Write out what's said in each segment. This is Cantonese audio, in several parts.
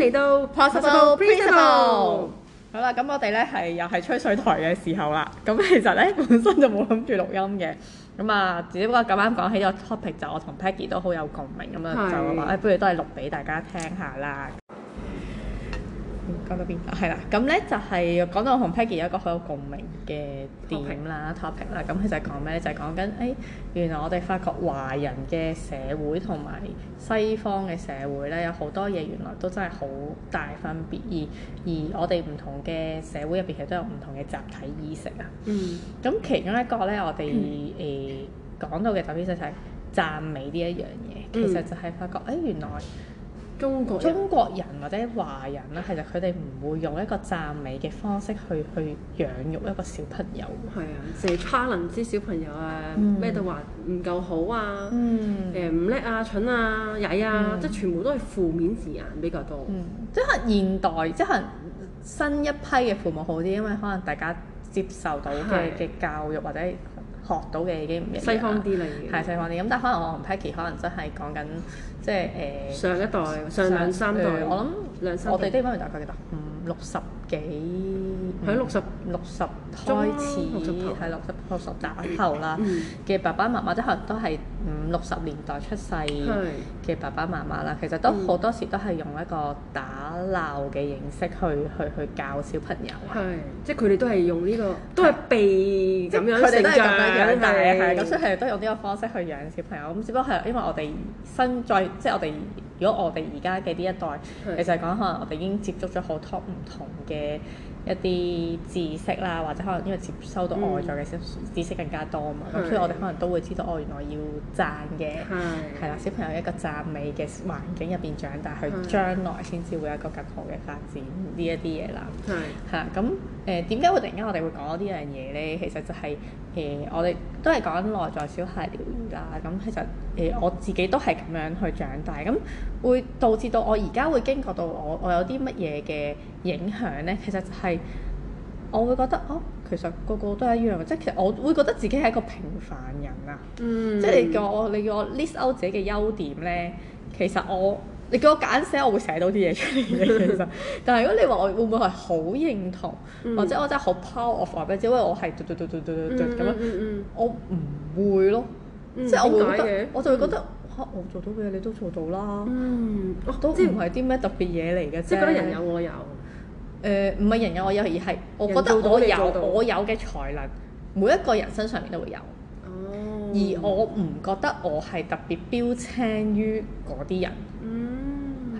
嚟到 Possible Principle，好啦，咁我哋咧係又係吹水台嘅時候啦。咁其實咧本身就冇諗住錄音嘅，咁啊，只不過咁啱講起個 topic 就我同 Peggy 都好有共鳴，咁樣就話是、哎、不如都係錄俾大家聽下啦。翻到邊係啦，咁、啊、咧就係、是、講到我同 Peggy 有一個好有共鳴嘅電影啦、topic 啦題，咁佢就係講咩？就係、是、講緊誒、哎，原來我哋發覺華人嘅社會同埋西方嘅社會咧，有好多嘢原來都真係好大分別，而而我哋唔同嘅社會入邊其實都有唔同嘅集體意識啊。嗯。咁其中一個咧，我哋誒、嗯呃、講到嘅集體意識就係讚美呢一樣嘢，其實就係發覺誒、嗯哎，原來。中國人或者華人咧，其實佢哋唔會用一個讚美嘅方式去去養育一個小朋友。係啊，成日差零指小朋友啊，咩、嗯、都話唔夠好啊，誒唔叻啊、蠢啊、曳啊，啊嗯、即係全部都係負面字眼比較多。嗯、即係現代，即係新一批嘅父母好啲，因為可能大家接受到嘅嘅的教育或者。學到嘅已經唔一樣，西方啲，例如西方啲，咁但係可能我同 Packy 可能真係講緊，即係誒、呃、上一代、上兩三代。呃、我諗兩三我哋啲翻嚟大概幾多？嗯，六十幾。嗯喺六十六十開始，喺六十六十打後啦嘅、嗯、爸爸媽媽，即都可能都係五六十年代出世嘅爸爸媽媽啦。其實都好、嗯、多時都係用一個打鬧嘅形式去去去教小朋友，係、嗯、即係佢哋都係用呢、呢個都係被咁是樣成長，係係咁，所以係都用呢個方式去養小朋友。咁只不過係因為我哋新再即係我哋，如果我哋而家嘅呢一代，其實講可能我哋已經接觸咗好多唔同嘅。一啲知識啦，或者可能因為接收到外在嘅知識，知識更加多嘛。咁、嗯、所以我哋可能都會知道的哦，原來要讚嘅係啦，小朋友一個讚美嘅環境入邊長大，佢的將來先至會有一個更好嘅發展呢一啲嘢啦。係嚇咁。誒點解會突然間我哋會講呢樣嘢咧？其實就係、是、誒、呃、我哋都係講內在小孩療愈啦。咁其實誒、呃、我自己都係咁樣去長大，咁會導致到我而家會驚覺到我我有啲乜嘢嘅影響咧？其實就係我會覺得哦，其實個個都係一樣嘅，即係其實我會覺得自己係一個平凡人啊。嗯，即係你叫我你叫我 list out 自己嘅優點咧，其實我。你叫我揀寫，我會寫到啲嘢出嚟嘅。其實，但係如果你話我會唔會係好認同，或者我真係好 powerful，o 或者只不我係嘟嘟嘟嘟嘟嘟咁樣，我唔會咯。即係我會我就會覺得嚇我做到嘅嘢你都做到啦。都即唔係啲咩特別嘢嚟嘅，即係覺得人有我有。誒，唔係人有我有，而係我覺得我有我有嘅才能，每一個人身上面都會有。而我唔覺得我係特別標青於嗰啲人。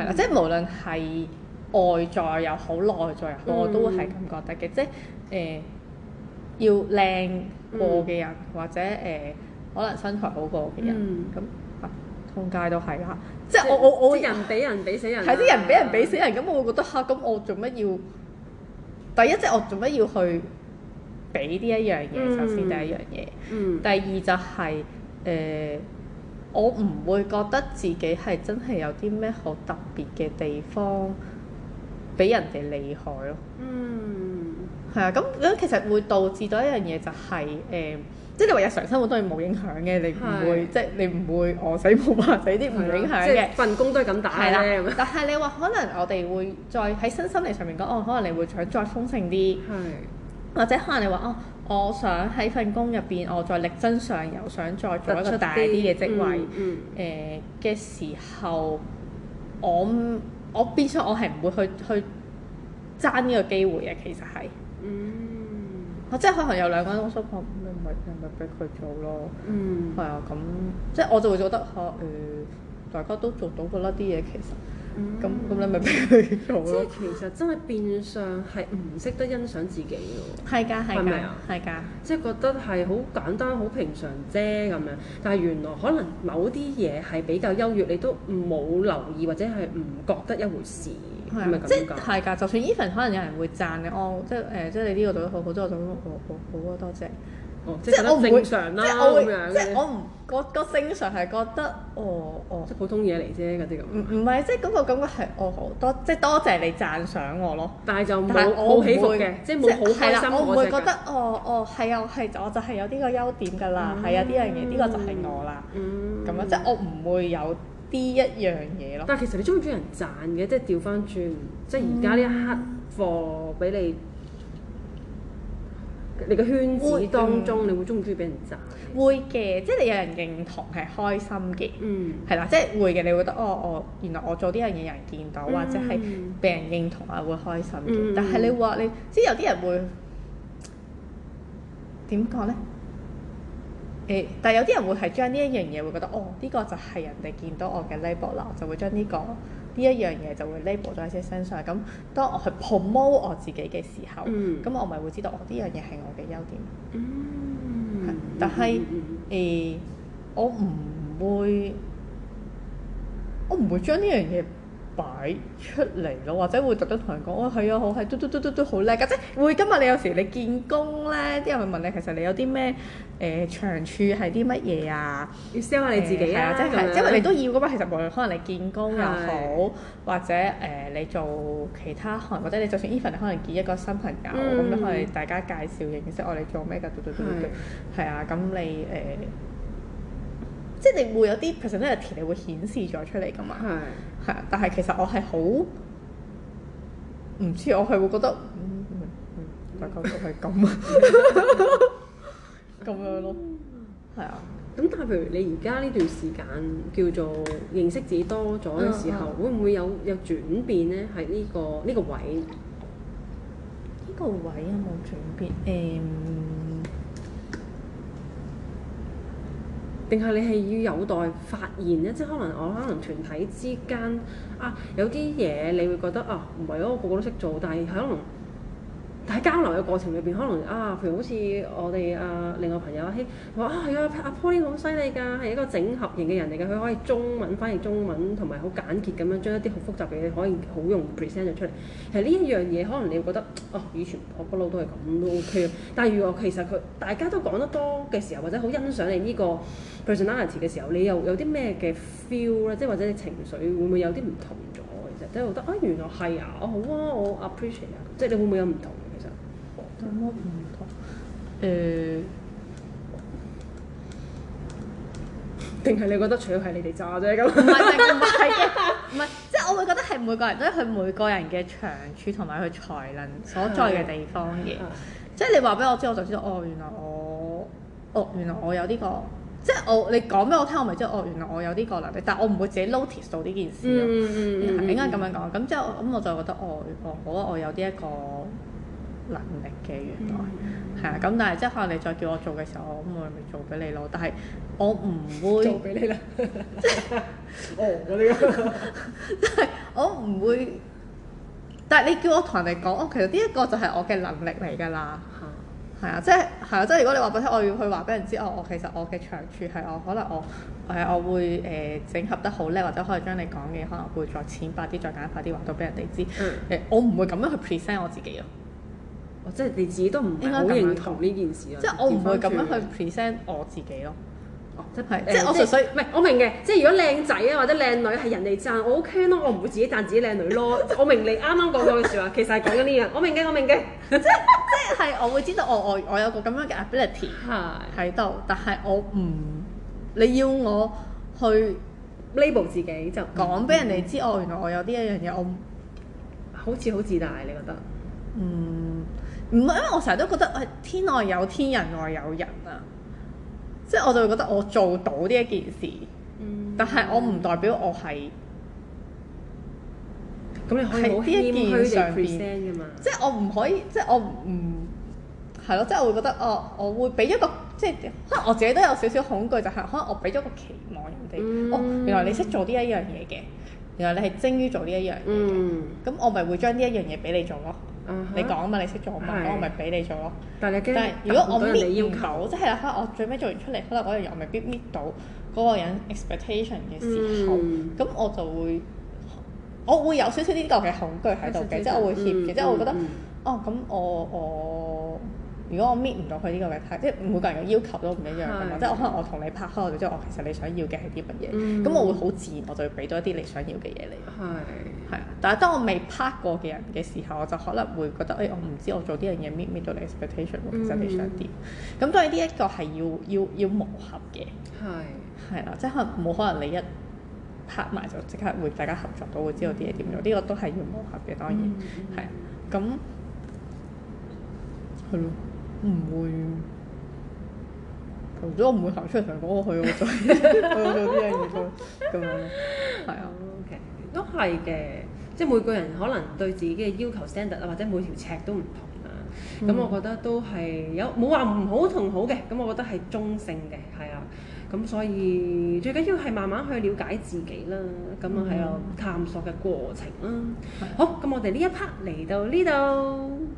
係啦，即係無論係外在又好，內在又好，我都會係咁覺得嘅。即係誒，要靚過嘅人，或者誒，可能身材好過嘅人，咁通街都係啦。即係我我我人比人比死人，係啲人比人比死人，咁我會覺得吓，咁我做乜要第一即係我做乜要去俾呢一樣嘢？首先第一樣嘢，嗯，第二就係誒。我唔會覺得自己係真係有啲咩好特別嘅地方比人哋厲害咯、嗯。嗯，係啊，咁咁其實會導致到一樣嘢就係、是、誒、嗯，即係你話日常生活都係冇影響嘅，你唔會的即係你唔會餓死碗啊，死啲唔影響嘅。份工都係咁打咧。的 但係你話可能我哋會再喺新心理上面講，哦，可能你會想再豐盛啲，的或者可能你話哦。我想喺份工入邊，我再力爭上游，想再做一個大啲嘅職位，誒嘅時候，我我變相我係唔會去去爭呢個機會嘅，其實係，嗯，我即係可能有兩個人都想你咪咪咪俾佢做咯，嗯，係啊，咁即係我就會覺得嚇誒，大家都做到嘅啦啲嘢其實。咁咁你咪俾佢做咯。即係其實真係變相係唔識得欣賞自己嘅喎。係㗎係㗎係㗎。即係覺得係好簡單好平常啫咁樣。但係原來可能某啲嘢係比較優越，你都冇留意或者係唔覺得一回事。係咪咁講？即係㗎，就算 even 可能有人會讚嘅，哦，即係誒、呃，即係你呢個做得好好，即係我做得好好好，好，好，好，多謝。即係我會，即係我會，即係我唔覺覺正常係覺得，哦哦，即係普通嘢嚟啫啲咁。唔唔係，即係嗰個感覺係我好多，即係多謝你讚賞我咯。但係就冇好起伏嘅，即係冇好開心嗰隻。我唔會覺得，哦哦，係啊，我係我就係有呢個優點㗎啦，係啊，呢樣嘢呢個就係我啦。咁啊，即係我唔會有啲一樣嘢咯。但係其實你中唔中意人讚嘅？即係調翻轉，即係而家呢一刻貨俾你。你個圈子當中，嗯、你會中唔中意俾人讚？會嘅的，即係你有人認同係開心嘅，嗯，係啦，即係會嘅，你會覺得哦，我原來我做呢樣嘢有人見到，嗯、或者係被人認同啊，嗯、會開心嘅。嗯、但係你話你，即係有啲人會點講咧？誒、欸，但係有啲人會係將呢一樣嘢會覺得哦，呢個就係人哋見到我嘅 label 啦就會將呢個。呢一樣嘢就會 label 咗喺自己身上，咁當我去 promote 我自己嘅時候，咁、嗯、我咪會知道我呢樣嘢係我嘅優點。嗯、但係誒、嗯嗯嗯欸，我唔會，我唔會將呢樣嘢，擺出嚟咯，或者會特登同人講，哇係啊，好係，嘟嘟嘟嘟嘟好叻㗎，即係會。今日你有時你見工咧，啲人會問你，其實你有啲咩誒長處係啲乜嘢啊？要 sell 下你自己啊，即係因為你都要噶嘛。其實無論可能你見工又好，或者誒你做其他行，或者你就算 even 你可能見一個新朋友，咁都可以大家介紹認識，我哋做咩㗎？嘟嘟嘟嘟嘟，係啊，咁你誒。即係你會有啲 personality，你會顯示咗出嚟噶嘛？係的，係啊。但係其實我係好唔知，我係會覺得，嗯，大概都係咁，咁、嗯、樣咯。係啊。咁但係譬如你而家呢段時間叫做認識自己多咗嘅時候，啊啊、會唔會有有轉變咧？喺呢、這個呢、這個位，呢個位有冇轉變？誒、um。定係你係要有待發現咧？即係可能我可能團體之間啊，有啲嘢你會覺得啊，唔係咯，我個個都識做，但係可能。但喺交流嘅過程裏邊，可能啊，譬如好似我哋啊，另外朋友阿希話啊，係啊，阿 Paul 好犀利㗎，係一個整合型嘅人嚟嘅。佢可以中文翻譯中文，同埋好簡潔咁樣將一啲好複雜嘅嘢可以好容易 present 咗出嚟。其實呢一樣嘢，可能你會覺得哦、啊，以前我不嬲都係咁都 O K。但係如果其實佢大家都講得多嘅時候，或者好欣賞你呢個 personality 嘅時候，你又有啲咩嘅 feel 咧？即係或者你情緒會唔會有啲唔同咗？其實都係覺得啊，原來係啊，我好啊，我 appreciate 啊，即係你會唔會有唔同？有乜唔同？誒、呃，定係你覺得除咗係你哋炸啫？咁唔係，唔係即係我會覺得係每個人都係佢、就是、每個人嘅長處同埋佢才能所在嘅地方嘅。即係、oh, okay. 你話俾我知，我就知道哦，原來我，哦，原來我有呢、這個。即、就、係、是、我，你講俾我聽，我咪知道哦，原來我有呢個能力。但我唔會自己 notice 到呢件事咯。嗯，應該咁樣講。咁之後，咁、hmm. 我就覺得，哦，哦，我我有呢、這、一個。能力嘅原來係啊，咁、嗯、但係即係可能你再叫我做嘅時候，我咁我咪做俾你咯。但係我唔會做俾你啦。 哦，我呢個真係我唔會。但係你叫我同人哋講，我其實呢一個就係我嘅能力嚟㗎啦。係啊、嗯，即係係啊，即係如果你話俾我聽，我要去話俾人知，我、哦、我其實我嘅長處係我可能我係、呃、我會誒、呃、整合得好叻，或者可能將你講嘅可能會再淺白啲、再簡化啲，話到俾人哋知。誒、嗯呃，我唔會咁樣去 present 我自己啊。即係你自己都唔會好認同呢件事咯，即係我唔會咁樣去 present 我自己咯。哦，即係即係我純粹唔係我明嘅。即係如果靚仔啊或者靚女係人哋讚，我 OK 咯，我唔會自己讚自己靚女咯。我明你啱啱講講嘅說話，其實係講緊呢樣。我明嘅，我明嘅，即係即係我會知道我我我有個咁樣嘅 ability 係喺度，但係我唔你要我去 label 自己就講俾人哋知，哦，原來我有呢一樣嘢，我好似好自大，你覺得？嗯。唔係，因為我成日都覺得，誒、哎、天外有天，人外有人啊！即係我就會覺得我做到呢一件事，嗯、但係我唔代表我係。咁你可以喺呢一件上邊，即係我唔可以，即係我唔係咯。即係、嗯、我會覺得，哦，我會俾一個，即係可能我自己都有少少恐懼，就係可能我俾咗個期望人哋，嗯、哦，原來你識做呢一樣嘢嘅，原來你係精於做呢一樣嘢嘅，咁、嗯、我咪會將呢一樣嘢俾你做咯。Uh、huh，你講嘛，你識做，嘛對，咁我咪俾你做咯。但係如果我搣唔到，家即係可能我最尾做完出嚟，可能嗰樣嘢我未必搣到嗰個人 expectation 嘅時候，咁、嗯、我就會我會有少少呢個嘅恐懼喺度嘅，即係我會怯嘅，嗯、即係我覺得、嗯嗯、哦咁我我。我如果我 meet 唔到佢呢個嘅即係每個人嘅要求都唔一樣嘅嘛，即係我可能我同你拍開咗之後，我其實你想要嘅係啲乜嘢，咁我會好自然我就要俾多一啲你想要嘅嘢你。係。係啊，但係當我未拍過嘅人嘅時候，我就可能會覺得，誒，我唔知我做呢樣嘢 meet meet 到你 expectation 其實你想點？咁所以呢一個係要要要磨合嘅。係。係啦，即係可能冇可能你一拍埋就即刻會大家合作到，會知道啲嘢點樣？呢個都係要磨合嘅，當然係。咁係咯。唔會，頭先我唔會行出嚟同人講我去，咁樣咯。係啊，OK，都係嘅。即係每個人可能對自己嘅要求 standard 啊，或者每條尺都唔同啦、啊。咁、嗯、我覺得都係有冇話唔好同好嘅。咁我覺得係中性嘅，係啊。咁所以最緊要係慢慢去了解自己啦。咁啊係啊，探索嘅過程啦、啊。 好，咁我哋呢一 part 嚟到呢度。